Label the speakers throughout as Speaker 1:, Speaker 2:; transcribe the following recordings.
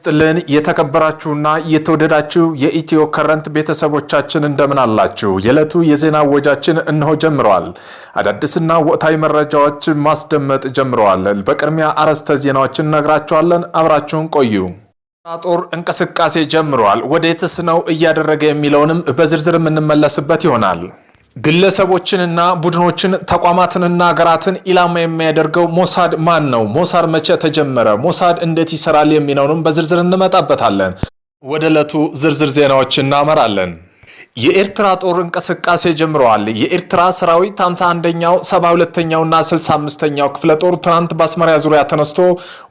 Speaker 1: ይስጥልን የተከበራችሁና የተወደዳችሁ የኢትዮ ከረንት ቤተሰቦቻችን እንደምን አላችሁ? የዕለቱ የዜና ወጃችን እነሆ ጀምረዋል። አዳዲስና ወቅታዊ መረጃዎች ማስደመጥ ጀምረዋል። በቅድሚያ አርዕስተ ዜናዎችን እነግራችኋለን። አብራችሁን ቆዩ። ጦር እንቅስቃሴ ጀምረዋል። ወዴትስ ነው እያደረገ የሚለውንም በዝርዝር የምንመለስበት ይሆናል። ግለሰቦችንና ቡድኖችን ተቋማትንና ሀገራትን ኢላማ የሚያደርገው ሞሳድ ማን ነው? ሞሳድ መቼ ተጀመረ? ሞሳድ እንዴት ይሰራል? የሚለውንም በዝርዝር እንመጣበታለን። ወደ ዕለቱ ዝርዝር ዜናዎች እናመራለን። የኤርትራ ጦር እንቅስቃሴ ጀምረዋል። የኤርትራ ሰራዊት 51ኛው 72ኛውና 65ኛው ክፍለ ጦር ትናንት በአስመራ ዙሪያ ተነስቶ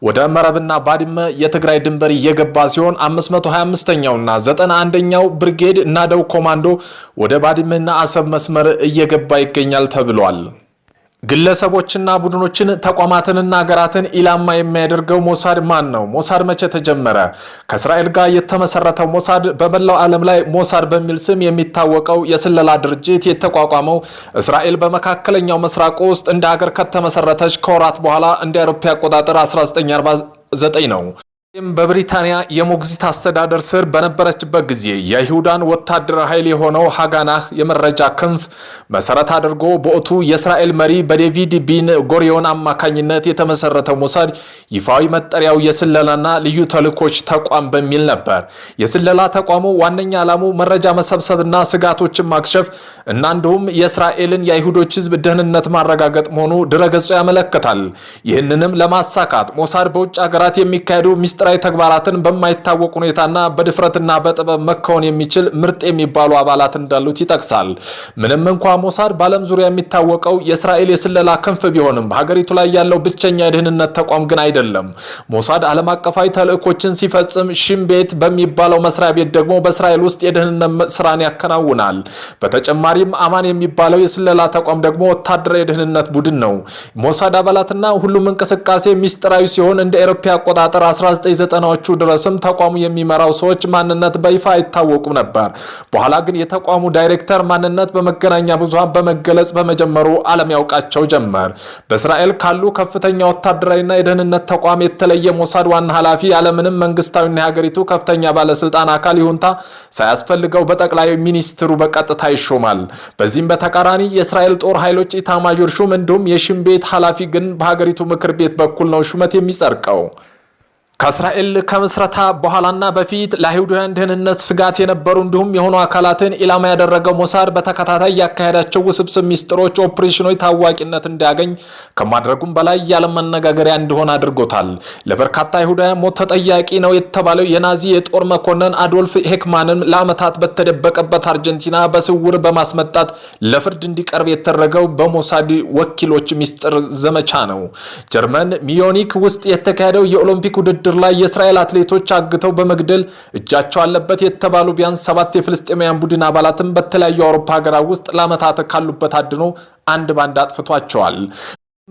Speaker 1: ወደ መረብና ባድመ የትግራይ ድንበር እየገባ ሲሆን 525 ና 91ኛው ብርጌድ እና ደቡብ ኮማንዶ ወደ ባድመና አሰብ መስመር እየገባ ይገኛል ተብሏል። ግለሰቦችና ቡድኖችን ተቋማትንና ሀገራትን ኢላማ የሚያደርገው ሞሳድ ማን ነው? ሞሳድ መቼ ተጀመረ? ከእስራኤል ጋር የተመሰረተው ሞሳድ በመላው ዓለም ላይ ሞሳድ በሚል ስም የሚታወቀው የስለላ ድርጅት የተቋቋመው እስራኤል በመካከለኛው ምስራቅ ውስጥ እንደ ሀገር ከተመሰረተች ከወራት በኋላ እንደ አውሮፓ አቆጣጠር 1949 ነው። በብሪታንያ የሞግዚት አስተዳደር ስር በነበረችበት ጊዜ የይሁዳን ወታደር ኃይል የሆነው ሀጋናህ የመረጃ ክንፍ መሰረት አድርጎ በወቅቱ የእስራኤል መሪ በዴቪድ ቢን ጎሪዮን አማካኝነት የተመሰረተ ሞሳድ ይፋዊ መጠሪያው የስለላና ልዩ ተልእኮች ተቋም በሚል ነበር። የስለላ ተቋሙ ዋነኛ ዓላሙ መረጃ መሰብሰብና ስጋቶችን ማክሸፍ እና እንዲሁም የእስራኤልን የአይሁዶች ሕዝብ ደህንነት ማረጋገጥ መሆኑ ድረገጹ ያመለክታል። ይህንንም ለማሳካት ሞሳድ በውጭ ሀገራት የሚካሄዱ ሚስ ምስጢራዊ ተግባራትን በማይታወቅ ሁኔታና በድፍረትና በጥበብ መከወን የሚችል ምርጥ የሚባሉ አባላት እንዳሉት ይጠቅሳል። ምንም እንኳ ሞሳድ በዓለም ዙሪያ የሚታወቀው የእስራኤል የስለላ ክንፍ ቢሆንም ሀገሪቱ ላይ ያለው ብቸኛ የደህንነት ተቋም ግን አይደለም። ሞሳድ ዓለም አቀፋዊ ተልዕኮችን ሲፈጽም ሽም ቤት በሚባለው መስሪያ ቤት ደግሞ በእስራኤል ውስጥ የደህንነት ስራን ያከናውናል። በተጨማሪም አማን የሚባለው የስለላ ተቋም ደግሞ ወታደራዊ የደህንነት ቡድን ነው። ሞሳድ አባላትና ሁሉም እንቅስቃሴ ሚስጥራዊ ሲሆን እንደ አውሮፓ አቆጣጠር 19 1990ዎቹ ድረስም ተቋሙ የሚመራው ሰዎች ማንነት በይፋ አይታወቁም ነበር። በኋላ ግን የተቋሙ ዳይሬክተር ማንነት በመገናኛ ብዙሃን በመገለጽ በመጀመሩ ዓለም ያውቃቸው ጀመር። በእስራኤል ካሉ ከፍተኛ ወታደራዊና የደህንነት ተቋም የተለየ ሞሳድ ዋና ኃላፊ ያለምንም መንግስታዊና የሀገሪቱ ከፍተኛ ባለስልጣን አካል ይሁንታ ሳያስፈልገው በጠቅላይ ሚኒስትሩ በቀጥታ ይሾማል። በዚህም በተቃራኒ የእስራኤል ጦር ኃይሎች ኢታማዦር ሹም እንዲሁም የሽምቤት ኃላፊ ግን በሀገሪቱ ምክር ቤት በኩል ነው ሹመት የሚጸድቀው። ከእስራኤል ከምስረታ በኋላና በፊት ለአይሁዳውያን ደህንነት ስጋት የነበሩ እንዲሁም የሆኑ አካላትን ኢላማ ያደረገው ሞሳድ በተከታታይ ያካሄዳቸው ውስብስብ ሚስጥሮች ኦፕሬሽኖች ታዋቂነት እንዲያገኝ ከማድረጉም በላይ ያለመነጋገሪያ እንዲሆን አድርጎታል። ለበርካታ አይሁዳውያን ሞት ተጠያቂ ነው የተባለው የናዚ የጦር መኮንን አዶልፍ ሄክማንም ለዓመታት በተደበቀበት አርጀንቲና በስውር በማስመጣት ለፍርድ እንዲቀርብ የተደረገው በሞሳድ ወኪሎች ሚስጥር ዘመቻ ነው። ጀርመን ሚዮኒክ ውስጥ የተካሄደው የኦሎምፒክ ውድድር ውድድር ላይ የእስራኤል አትሌቶች አግተው በመግደል እጃቸው አለበት የተባሉ ቢያንስ ሰባት የፍልስጤማውያን ቡድን አባላትም በተለያዩ አውሮፓ ሀገራት ውስጥ ለአመታት ካሉበት አድኖ አንድ ባንድ አጥፍቷቸዋል።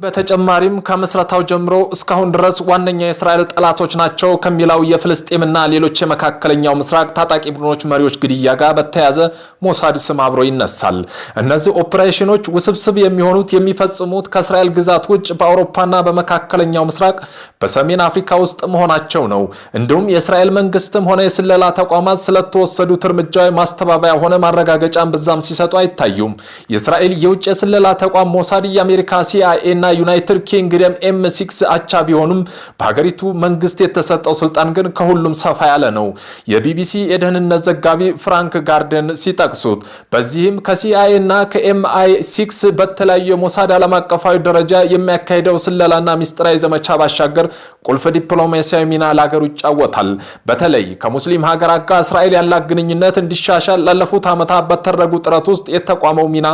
Speaker 1: በተጨማሪም ከምስረታው ጀምሮ እስካሁን ድረስ ዋነኛ የእስራኤል ጠላቶች ናቸው ከሚለው የፍልስጤምና ሌሎች የመካከለኛው ምስራቅ ታጣቂ ቡድኖች መሪዎች ግድያ ጋር በተያያዘ ሞሳድ ስም አብሮ ይነሳል። እነዚህ ኦፕሬሽኖች ውስብስብ የሚሆኑት የሚፈጽሙት ከእስራኤል ግዛት ውጭ በአውሮፓና በመካከለኛው ምስራቅ በሰሜን አፍሪካ ውስጥ መሆናቸው ነው። እንዲሁም የእስራኤል መንግስትም ሆነ የስለላ ተቋማት ስለተወሰዱት እርምጃ ማስተባበያ ሆነ ማረጋገጫን ብዛም ሲሰጡ አይታዩም። የእስራኤል የውጭ የስለላ ተቋም ሞሳድ፣ የአሜሪካ ሲአይኤ ዩናይትድ ኪንግደም ኤም ሲክስ አቻ ቢሆኑም በሀገሪቱ መንግስት የተሰጠው ስልጣን ግን ከሁሉም ሰፋ ያለ ነው። የቢቢሲ የደህንነት ዘጋቢ ፍራንክ ጋርደን ሲጠቅሱት በዚህም ከሲአይኤ እና ከኤምአይ ሲክስ በተለያዩ የሞሳድ ዓለም አቀፋዊ ደረጃ የሚያካሄደው ስለላና ሚስጥራዊ ዘመቻ ባሻገር ቁልፍ ዲፕሎማሲያዊ ሚና ለሀገሩ ይጫወታል። በተለይ ከሙስሊም ሀገራት ጋር እስራኤል ያላት ግንኙነት እንዲሻሻል ላለፉት ዓመታት በተደረጉ ጥረት ውስጥ የተቋመው ሚና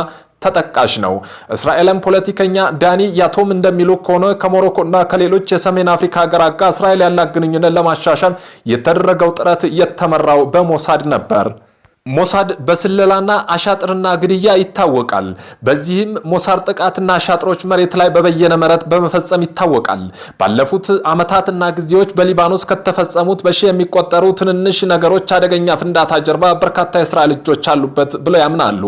Speaker 1: ተጠቃሽ ነው። እስራኤልን ፖለቲከኛ ዳኒ ያቶም እንደሚሉ ከሆነ ከሞሮኮና ከሌሎች የሰሜን አፍሪካ ሀገራት ጋር እስራኤል ያላት ግንኙነት ለማሻሻል የተደረገው ጥረት የተመራው በሞሳድ ነበር። ሞሳድ በስለላና አሻጥርና ግድያ ይታወቃል። በዚህም ሞሳድ ጥቃትና አሻጥሮች መሬት ላይ በበየነ መረት በመፈጸም ይታወቃል። ባለፉት ዓመታትና ጊዜዎች በሊባኖስ ከተፈጸሙት በሺ የሚቆጠሩ ትንንሽ ነገሮች አደገኛ ፍንዳታ ጀርባ በርካታ የእስራኤል እጆች አሉበት ብለው ያምናሉ።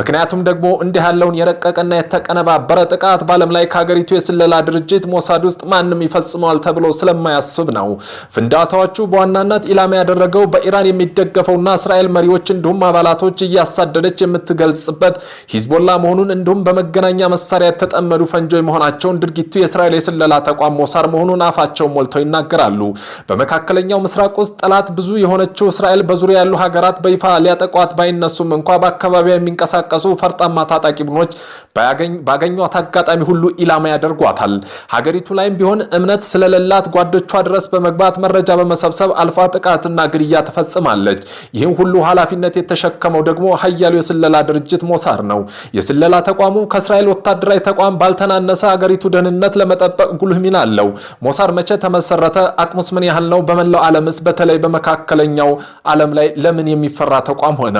Speaker 1: ምክንያቱም ደግሞ እንዲህ ያለውን የረቀቀና የተቀነባበረ ጥቃት በዓለም ላይ ከሀገሪቱ የስለላ ድርጅት ሞሳድ ውስጥ ማንም ይፈጽመዋል ተብሎ ስለማያስብ ነው። ፍንዳታዎቹ በዋናነት ኢላማ ያደረገው በኢራን የሚደገፈውና እስራኤል መሪዎች እንዲሁም አባላቶች እያሳደደች የምትገልጽበት ሂዝቦላ መሆኑን እንዲሁም በመገናኛ መሳሪያ የተጠመዱ ፈንጂዎች መሆናቸውን ድርጊቱ የእስራኤል የስለላ ተቋም ሞሳር መሆኑን አፋቸውን ሞልተው ይናገራሉ። በመካከለኛው ምስራቅ ውስጥ ጠላት ብዙ የሆነችው እስራኤል በዙሪያ ያሉ ሀገራት በይፋ ሊያጠቋት ባይነሱም እንኳ በአካባቢያ የሚንቀሳቀሱ ፈርጣማ ታጣቂ ቡድኖች ባገኟት አጋጣሚ ሁሉ ኢላማ ያደርጓታል። ሀገሪቱ ላይም ቢሆን እምነት ስለሌላት ጓዶቿ ድረስ በመግባት መረጃ በመሰብሰብ አልፋ ጥቃትና ግድያ ትፈጽማለች። ይህም ሁሉ ኃላፊነት ኃላፊነት የተሸከመው ደግሞ ሀያሉ የስለላ ድርጅት ሞሳድ ነው። የስለላ ተቋሙ ከእስራኤል ወታደራዊ ተቋም ባልተናነሰ አገሪቱ ደህንነት ለመጠበቅ ጉልህ ሚና አለው። ሞሳድ መቼ ተመሰረተ? አቅሙስ ምን ያህል ነው? በመላው ዓለምስ በተለይ በመካከለኛው ዓለም ላይ ለምን የሚፈራ ተቋም ሆነ?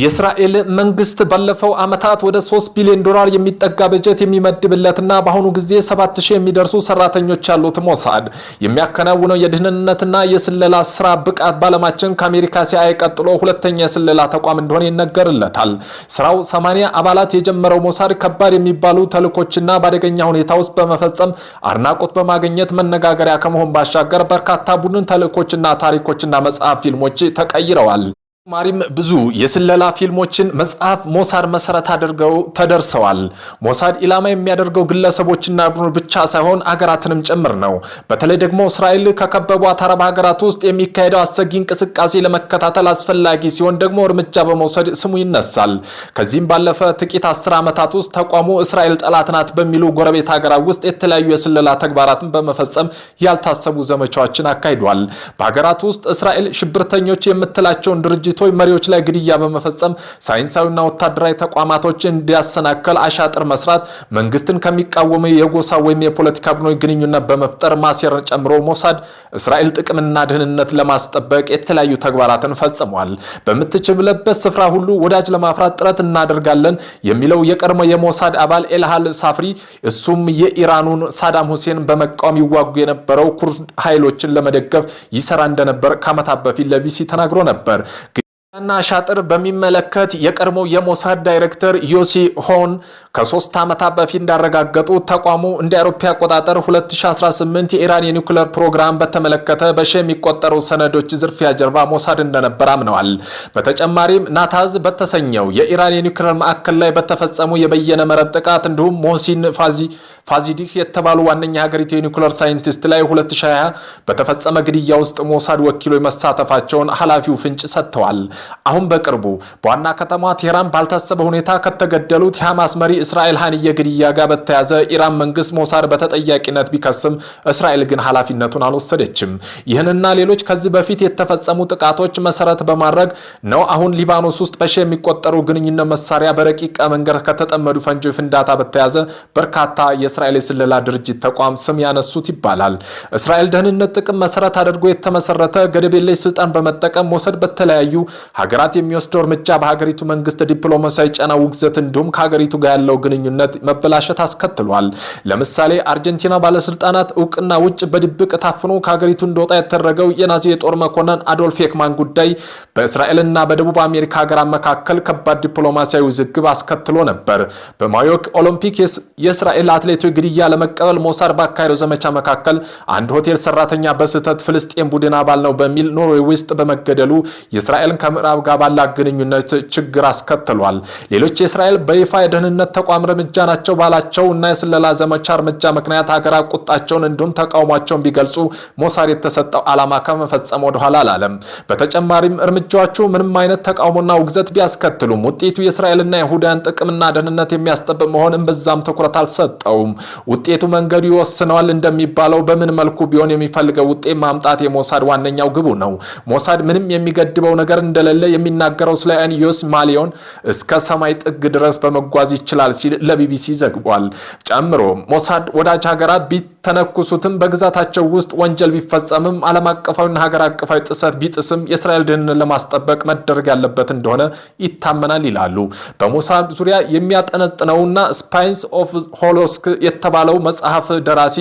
Speaker 1: የእስራኤል መንግስት ባለፈው ዓመታት ወደ 3 ቢሊዮን ዶላር የሚጠጋ በጀት የሚመድብለትና በአሁኑ ጊዜ 7000 የሚደርሱ ሰራተኞች ያሉት ሞሳድ የሚያከናውነው የደህንነትና የስለላ ስራ ብቃት ባለማችን ከአሜሪካ ሲአይኤ ቀጥሎ ሁለተኛ የስለላ ተቋም እንደሆነ ይነገርለታል። ስራው 80 አባላት የጀመረው ሞሳድ ከባድ የሚባሉ ተልኮችና በአደገኛ ሁኔታ ውስጥ በመፈጸም አድናቆት በማግኘት መነጋገሪያ ከመሆን ባሻገር በርካታ ቡድን ተልኮችና ታሪኮችና መጽሐፍ ፊልሞች ተቀይረዋል። ማሪም ብዙ የስለላ ፊልሞችን መጽሐፍ ሞሳድ መሰረት አድርገው ተደርሰዋል። ሞሳድ ኢላማ የሚያደርገው ግለሰቦችና ቡድን ብቻ ሳይሆን አገራትንም ጭምር ነው። በተለይ ደግሞ እስራኤል ከከበቧት አረብ ሀገራት ውስጥ የሚካሄደው አሰጊ እንቅስቃሴ ለመከታተል አስፈላጊ ሲሆን ደግሞ እርምጃ በመውሰድ ስሙ ይነሳል። ከዚህም ባለፈ ጥቂት አስር ዓመታት ውስጥ ተቋሙ እስራኤል ጠላት ናት በሚሉ ጎረቤት ሀገራት ውስጥ የተለያዩ የስለላ ተግባራትን በመፈጸም ያልታሰቡ ዘመቻዎችን አካሂዷል። በሀገራት ውስጥ እስራኤል ሽብርተኞች የምትላቸውን ድርጅት ኤሊቶች መሪዎች ላይ ግድያ በመፈጸም ሳይንሳዊና ወታደራዊ ተቋማቶች እንዲያሰናከል አሻጥር መስራት፣ መንግስትን ከሚቃወሙ የጎሳ ወይም የፖለቲካ ቡድኖች ግንኙነት በመፍጠር ማሴርን ጨምሮ ሞሳድ እስራኤል ጥቅምና ደህንነት ለማስጠበቅ የተለያዩ ተግባራትን ፈጽሟል። በምትችልበት ስፍራ ሁሉ ወዳጅ ለማፍራት ጥረት እናደርጋለን የሚለው የቀድሞ የሞሳድ አባል ኤልሃል ሳፍሪ እሱም የኢራኑን ሳዳም ሁሴን በመቃወም ይዋጉ የነበረው ኩርድ ኃይሎችን ለመደገፍ ይሰራ እንደነበር ከዓመታት በፊት ለቢሲ ተናግሮ ነበር። እና ሻጥር በሚመለከት የቀድሞ የሞሳድ ዳይሬክተር ዮሲ ሆን ከሶስት ዓመታት በፊት እንዳረጋገጡ ተቋሙ እንደ አውሮፓ አቆጣጠር 2018 የኢራን የኒውክሌር ፕሮግራም በተመለከተ በሺ የሚቆጠሩ ሰነዶች ዝርፊያ ጀርባ ሞሳድ እንደነበር አምነዋል። በተጨማሪም ናታዝ በተሰኘው የኢራን የኒውክሌር ማዕከል ላይ በተፈጸሙ የበየነ መረብ ጥቃት እንዲሁም ሞሲን ፋዚዲህ የተባሉ ዋነኛ ሀገሪቱ የኒውክሌር ሳይንቲስት ላይ 2020 በተፈጸመ ግድያ ውስጥ ሞሳድ ወኪሎች መሳተፋቸውን ኃላፊው ፍንጭ ሰጥተዋል። አሁን በቅርቡ በዋና ከተማ ቴህራን ባልታሰበ ሁኔታ ከተገደሉት የሐማስ መሪ እስራኤል ሀኒየ ግድያ ጋር በተያዘ ኢራን መንግስት ሞሳድ በተጠያቂነት ቢከስም እስራኤል ግን ኃላፊነቱን አልወሰደችም። ይህንና ሌሎች ከዚህ በፊት የተፈጸሙ ጥቃቶች መሰረት በማድረግ ነው አሁን ሊባኖስ ውስጥ በሺ የሚቆጠሩ ግንኙነት መሳሪያ በረቂቀ መንገድ ከተጠመዱ ፈንጂዎች ፍንዳታ በተያዘ በርካታ የእስራኤል የስለላ ድርጅት ተቋም ስም ያነሱት ይባላል። እስራኤል ደህንነት ጥቅም መሰረት አድርጎ የተመሰረተ ገደብ የለሽ ስልጣን በመጠቀም ሞሳድ በተለያዩ ሀገራት የሚወስደው እርምጃ በሀገሪቱ መንግስት ዲፕሎማሲያዊ ጫና፣ ውግዘት እንዲሁም ከሀገሪቱ ጋር ያለው ግንኙነት መበላሸት አስከትሏል። ለምሳሌ አርጀንቲና ባለስልጣናት እውቅና ውጭ በድብቅ ታፍኖ ከሀገሪቱ እንደወጣ የተደረገው የናዚ የጦር መኮንን አዶልፍ ሄክማን ጉዳይ በእስራኤልና በደቡብ አሜሪካ ሀገራት መካከል ከባድ ዲፕሎማሲያዊ ውዝግብ አስከትሎ ነበር። በማዮክ ኦሎምፒክ የእስራኤል አትሌቶች ግድያ ለመቀበል ሞሳድ ባካሄደው ዘመቻ መካከል አንድ ሆቴል ሰራተኛ በስህተት ፍልስጤን ቡድን አባል ነው በሚል ኖርዌይ ውስጥ በመገደሉ የእስራኤልን ምዕራብ ጋር ባላት ግንኙነት ችግር አስከትሏል። ሌሎች የእስራኤል በይፋ የደህንነት ተቋም እርምጃ ናቸው ባላቸው እና የስለላ ዘመቻ እርምጃ ምክንያት ሀገራት ቁጣቸውን እንዲሁም ተቃውሟቸውን ቢገልጹ ሞሳድ የተሰጠው ዓላማ ከመፈጸም ወደኋላ አላለም። በተጨማሪም እርምጃዎቹ ምንም አይነት ተቃውሞና ውግዘት ቢያስከትሉም ውጤቱ የእስራኤልና የይሁዳን ጥቅምና ደህንነት የሚያስጠብቅ መሆን እምብዛም ትኩረት አልሰጠውም። ውጤቱ መንገዱ ይወስነዋል እንደሚባለው በምን መልኩ ቢሆን የሚፈልገው ውጤት ማምጣት የሞሳድ ዋነኛው ግቡ ነው። ሞሳድ ምንም የሚገድበው ነገር እንደሌለ እንደሌለ የሚናገረው ስለ አንዮስ ማሊዮን እስከ ሰማይ ጥግ ድረስ በመጓዝ ይችላል ሲል ለቢቢሲ ዘግቧል። ጨምሮ ሞሳድ ወዳጅ ሀገራት ተነኩሱትም በግዛታቸው ውስጥ ወንጀል ቢፈጸምም ዓለም አቀፋዊና ሀገር አቀፋዊ ጥሰት ቢጥስም የእስራኤል ደህንነት ለማስጠበቅ መደረግ ያለበት እንደሆነ ይታመናል ይላሉ። በሞሳድ ዙሪያ የሚያጠነጥነውና ስፓይንስ ኦፍ ሆሎስክ የተባለው መጽሐፍ ደራሲ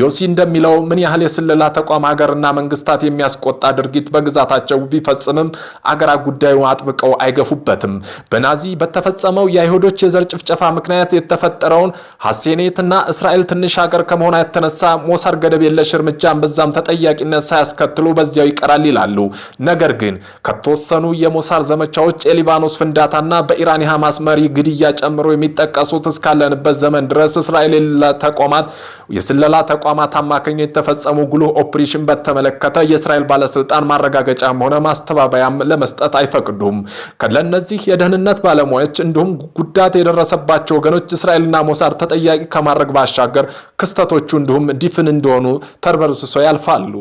Speaker 1: ዮሲ እንደሚለው ምን ያህል የስለላ ተቋም ሀገርና መንግስታት የሚያስቆጣ ድርጊት በግዛታቸው ቢፈጽምም አገራት ጉዳዩ አጥብቀው አይገፉበትም። በናዚ በተፈጸመው የአይሁዶች የዘር ጭፍጨፋ ምክንያት የተፈጠረውን ሀሴኔትና እስራኤል ትንሽ ሀገር ከመሆና የተነሳ ሞሳር ገደብ የለሽ እርምጃን በዛም ተጠያቂነት ሳያስከትሉ በዚያው ይቀራል ይላሉ። ነገር ግን ከተወሰኑ የሞሳር ዘመቻዎች የሊባኖስ ፍንዳታና በኢራን የሐማስ መሪ ግድያ ጨምሮ የሚጠቀሱት እስካለንበት ዘመን ድረስ እስራኤል ተቋማት የስለላ ተቋማት አማካኝነት የተፈጸሙ ጉልህ ኦፕሬሽን በተመለከተ የእስራኤል ባለስልጣን ማረጋገጫም ሆነ ማስተባበያም ለመስጠት አይፈቅዱም። ለእነዚህ የደህንነት ባለሙያዎች እንዲሁም ጉዳት የደረሰባቸው ወገኖች እስራኤልና ሞሳድ ተጠያቂ ከማድረግ ባሻገር ክስተቶቹ እንዲሁም ዲፍን እንደሆኑ ተርበርብሰው ያልፋሉ።